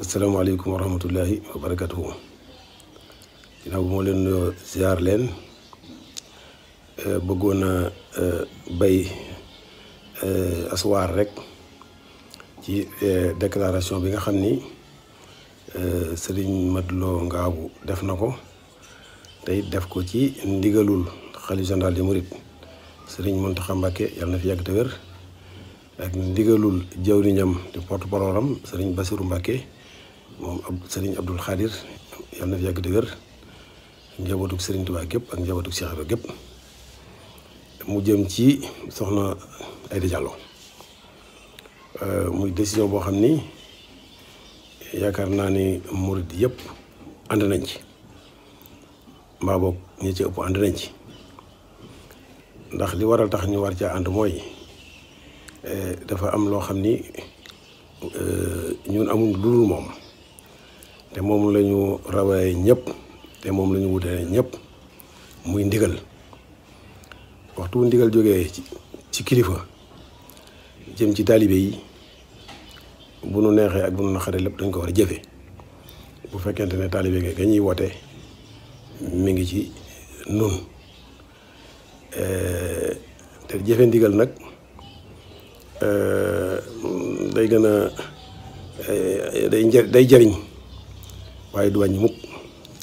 asalaamaaleykum wa rahmatullahi wa barakatuhu ginnaaw bu ma leen nuyoo ziar leen eh, bëggoon a eh, bay eh, aswaar rek ci déclaration bi nga xam ni Serigne Modou Lo Ngabou def na ko tey def ko ci ndigalul xalifa général des mourides Serigne Mountakha Mbacké yàlla na fi yàgg te wér ak ndigalul jawriñam di porte-parole am Serigne Bassirou moom ab sëriñ Abdul Xaadir yàlla na fi yàgg dëgër ak sëriñ Tuubaa gépp ak njabootu Cheikh gépp mu jëm ci soxna Aïda Diallo euh, muy décision boo xam ni yaakaar naa ni murid yëpp ànd nañ ci mbaa boog ñi ci ëpp ànd nañ ci ndax li waral tax ñu war caa ànd mooy euh, dafa am loo xam ni euh, ñun amul lu dul moom te moom la ñu rawee ñëpp te moom la ñu wutee ñëpp muy ndigal waxtu bu ndigal jógee ci kilifa jëm ci taalibe yi bu nu neexee ak bu nu naqaree lépp dañ ko war a jëfe bu fekkente ne taalibe gi ga ñuy woote mi ngi ci nun eh, te jëfe ndigal nag eh, day gën a eh, day day jariñ waaye du wàññi mukk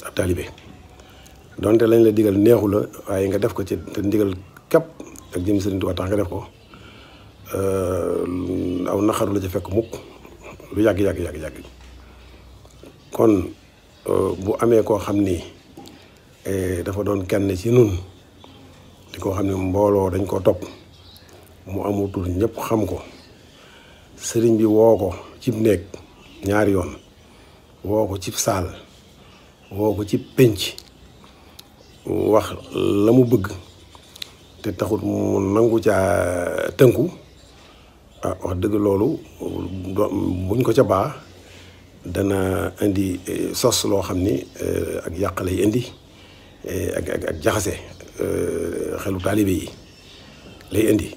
ab taalibe donte lañ la digal neexu la waaye nga def ko ci te ndigal képp ak jëm Sëriñ Tuubaa tax nga def ko euh, aw naxaru la ca fekk mukk lu yàgg yàgg yàgg yàgg kon euh, bu amee koo xam ni eh, dafa doon kenn ci nun di koo xam ne mbooloo dañ koo topp mu amul tur ñëpp xam ko sëriñ bi woo ko cib néeg ñaari yoon woo ko ci saal woo ko ci pénc wax la mu bëgg te taxut mu nangu caa tënku ah wax dëgg loolu buñ ko ca baax dana indi eh, sos loo xam ni eh, ak yàq lay indi eh, ak ak ak jaxase xelu taalibe yi lay indi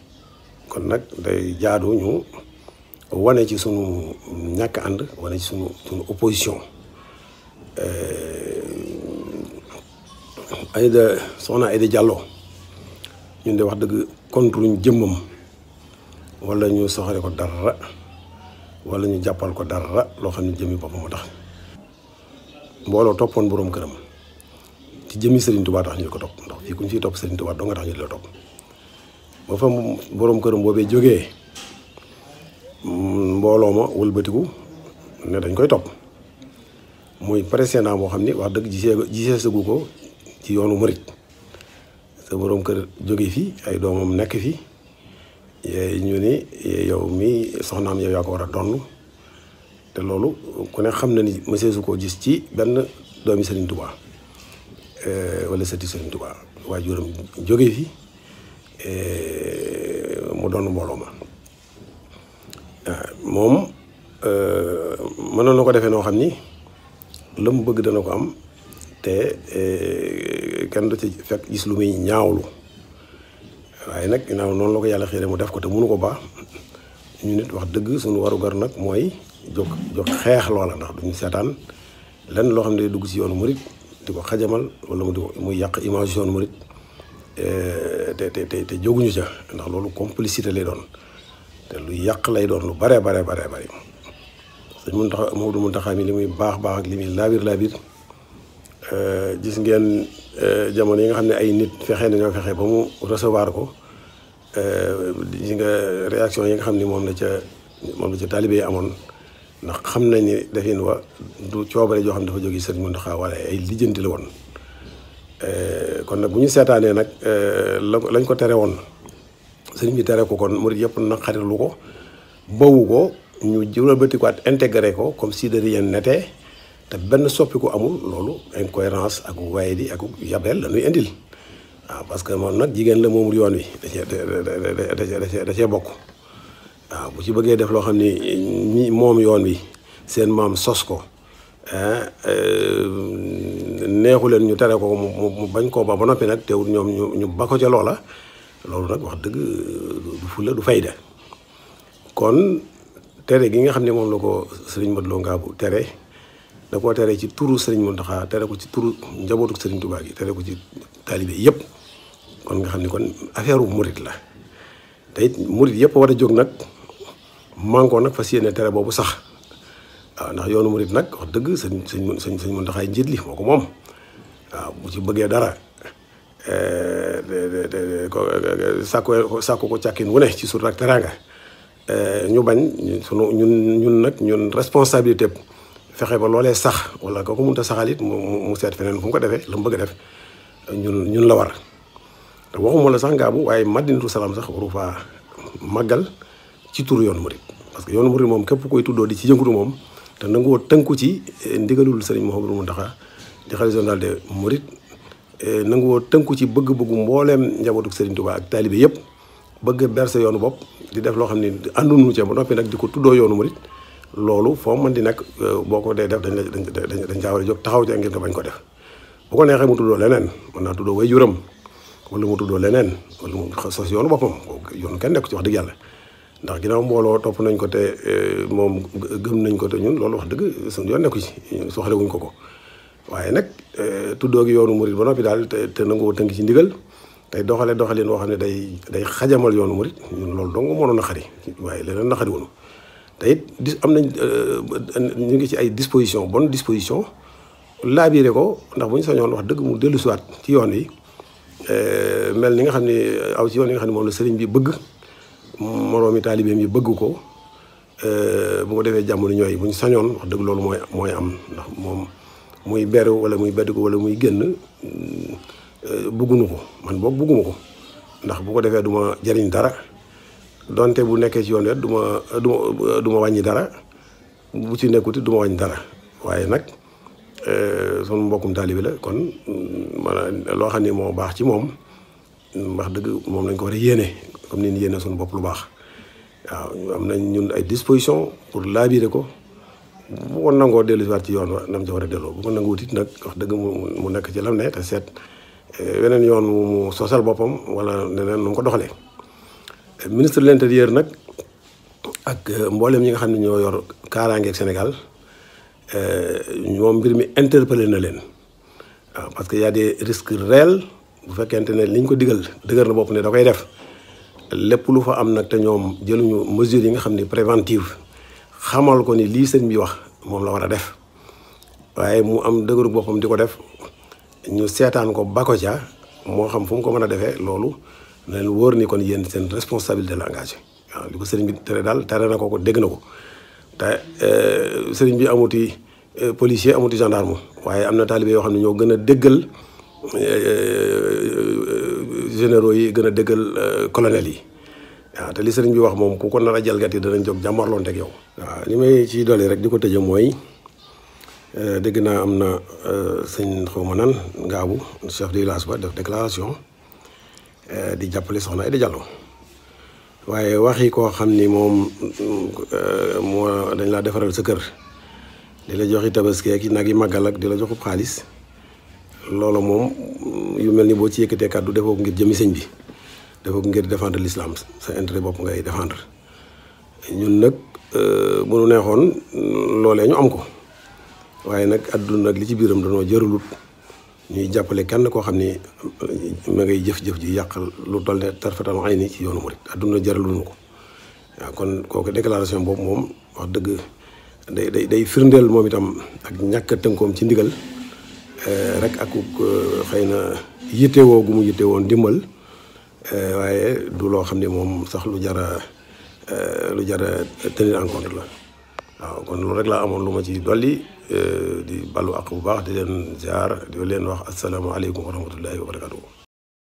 kon nag day jaadu wane ci sunu ñàkk ànd wane ci sunu sunu opposition euh, Aïda soxna Aïda jàlloo ñun de wax dëgg contre ñu jëmmam wala ñu soxale ko dara wala ñu jàppal ko dara loo xam ne jëmmi boppam moo tax mbooloo toppoon boroom këram ci jëmmi Serigne Touba tax ñu ko topp ndax fii ku ñu fiy topp Serigne Touba doo nga tax ñu di la topp ba fa boroom këram boobee jógee mbooloo ma wëlbatiku ne dañ koy topp muy précédent boo xam ni wax dëgg gisee gisee sëgu ko ci yoonu murit sa boroom kër jóge fi ay doomam nekk fi ñu ni yow mi soxnaam yow yaa ko war a donn te loolu ku ne xam na ni monsieur su ko gis ci benn doomi Serigne Touba wala sëti Serigne Touba waajuram jóge fi mu doon mbooloo ma moom euh, mënoon na ko defee noo xam ni la mu bëgg dana ko am te euh, kenn du ci fekk gis lu muy ñaawlu waaye nag ginnaaw noonu la ko yàlla xiire mu def ko te mënu ko baax ñu nit wax dëgg suñu warugar nag mooy jóg jóg xeex loola ndax duñu seetaan lenn loo xam ne dugg ci yoonu murit di ko xajamal wala mu di ko muy yàq image yoonu murit euh, te te te jóguñu ca ndax loolu complicité lay doon te lu yàq lay doon lu bare bare bare bare sëñ Muntaxa Moodu Muntaxa mi li muy baax baax ak li muy laabir laabir euh, gis ngeen euh, jamono yi nga xam ne ay nit fexe nañoo fexe ba mu recevoir ko euh, gis nga réaction yi nga xam ne moom la ca moom la ca taalibe yi amoon ndax xam nañ ni defin wa du coobare joo xam ne dafa jóge sëñ Muntaxa wala ay lijjanti la woon kon nag bu ñu seetaanee nag lañ ko tere woon sëriñ bi taree ko kon murid yëpp naqarilu ko bawu ko ñu jural bëtikuwaat intégré ko comme si de rien n'était te benn soppiku amul loolu incohérence ak waye di ak yabel la ñuy indil waaw parce que moom nag jigéen la moomul yoon wi da cee bokk waaw bu ci bëggee def loo xam ni ñi moom yoon wi seen maam sos ko euh, neexu leen ñu tere ko mu bañ koo ba ba noppi nag teewul ñoom ñu ñu ba ko ca loola loolu nag wax dëgg du fulla du fayda kon tere gi nga xam ne moom la ko sëriñ Modou Lo Ngabou tere da koo tere ci turu sëriñ Mountakha tere ko ci turu njabootu sëriñ Touba gi tere ko ci taalibe yëpp kon nga xam ni kon affaire murit la te it murit yëpp war a jóg nag mànkoo nag fas yéene tere boobu sax waaw ndax yoonu murit nag wax dëgg sëñ sëñ sëñ Mountakha njiit li moo ko moom waaw bu ci bëggee dara eh, sàkku sàkku ko càkkin wu ne ci sutura ak teraanga eh, ñu bañ sunu ñun ñun nag ñun responsabilité fexe ba loolee sax wala ko ko mënta saxal it mu mu seet feneen fu mu ko defee la mu bëgg a def ñun ñun la war te waxuma la sax ngaabu waaye madinatu salaam sax waru faa màggal ci tur yoon murit parce que yoonu murit moom képp koy tuddoo di ci yëngatu moom te nangoo tënku ci eh, ndigalul sëriñ Mouhamadou Mountakha di xalifa général des mourides Eh, nanguwoo tënku ci bëgg-bëggu mbooleem njabootu Serigne Touba ak taalibe yëpp bëgg ber yoonu bopp di def loo xam ne àndunu ci ba noppi nag di ko tuddoo yoonu murit loolu foo man di nekk eh, boo ko dee def dañ la dañ dañ caa war a jóg taxaw ca ngeen ko bañ ko def bu ko neexee mu leneen mën naa tuddoo way juram wala mu tuddoo leneen wala mu sos yoonu boppam yoonu kenn nekk ci wax dëgg yàlla ndax ginnaaw mbooloo topp nañ ko te eh, moom gëm nañ ko te ñun loolu wax dëgg suñu yoon nekku ci soxlewuñ ko ko waaye nag euh, tuddoog yoonu murit ba noppi daal te te nangoo tënk ci ndigal tey doxale doxaliin woo xam ne day day xajamal yoonu murit ñun loolu dong mënoon xari waaye leneen naxari woonu te it di am nañ euh, ñu ngi ci ay disposition bonne disposition laabiré ko ndax bu ñu sañoon wax dëgg mu dellu siwaat ci yoon yi euh, mel ni nga xam ne aw ci yoon yi nga xam ne moom la sëriñ bi bëgg moroomi taalibeem yi bëgg ko bu ko defee jamono ñooy bu ñu sañoon wax dëgg loolu mooy mooy am ndax moom muy beru wala muy beddu ko wala muy génn euh, bugguma ko man boog bugguma ko ndax bu ko defee du ma jëriñ dara donte bu nekkee ci yoon wet du ma du ma wàññi dara bu ci nekkuti du ma wàññi dara waaye nag euh, sama mbokkum taalibi la kon maanaam loo xam ne moo baax ci moom wax dëgg moom lañ ko war a yéene comme ni ñu yéene suñu bopp lu baax waaw am nañ ñun ay disposition pour laabire ko bu ko nangoo dellusiwaat ci yoon wa nam ci war a delloo bu ko nanguwut it nag wax dëgg mu nekk ci lam ne te seet eh, weneen yoon mu sosal boppam wala neneen nu mu ko doxalee ministre de l'intérieur nag ak eh, mbooleem ñi nga xam ne ñoo yor kaaraangeeg Sénégal eh, ñoom mbir mi interpellé na leen waaw parce que y a des risques bu fekkente ne liñ ko digal dëgër na bopp ne da koy def lépp lu fa am nag te ñoom jëluñu mesures yi nga xam ne préventive xamal ko ni lii sëñ bi wax moom la war a def waaye mu am dëgëru boppam di ko def ñu seetaan ko ba ko ca moo xam fu mu ko mën a defee loolu na leen wóor ni kon yéen seen responsabilité la engagé waaw li ko sëriñ bi tere daal tere na ko ko dégg na ko te euh, sëriñ bi amuti euh, policier amuti gendarme waaye am na taalibe yoo xam ne ñoo gën a dëggal euh, généraux yi gën a dëggal colonel yi waaw te li sëriñ bi wax moom ku ko nar a jalgati danañ jóg jàmmarloonte ak yow. waaw li may ci dolli rek di ko tëjee mooy euh, dégg naa am na euh, sëñ xaw ma nan ngaabu chef de village ba def déclaration euh, di jàppale soxna Aïda Diallo waaye waxi koo xam ni moom moo dañ laa defaral sa kër di la joxi tabaski ak nag yi màggal ak di la joxub xaalis loolu moom yu mel ni boo ci yëkkatee kàddu defoo ngir jëmi sëñ bi. dafa ngir défendre l'islam sa intérêt bopp ngay défendre ñun nag euh, bu nu neexoon loolee ñu am ko waaye nag àdduna nag li ci biiram danoo jërulut ñuy jàppale kenn koo xam ni ma ngay jëf-jëf ji yàq lu toll ne tarfatal ay ni ci yoonu murit àdduna jëralunu ko waaw kon kooku déclaration boobu moom wax dëgg day day day firndeel moom itam ak ñàkk a tënkoom ci ndigal euh, rek ak euh, xëy na yittewoo gu mu yittewoo ndimbal Eh, waaye du loo xam ni moom sax lu jara a eh, lu jar a tenir en compte la waaw kon loolu rek laa amoon lu ma ci dolli eh, di ballu ak bu baax di leen ziar di leen wax asalaamaaleykum wa rahmatullahi wa barakatuh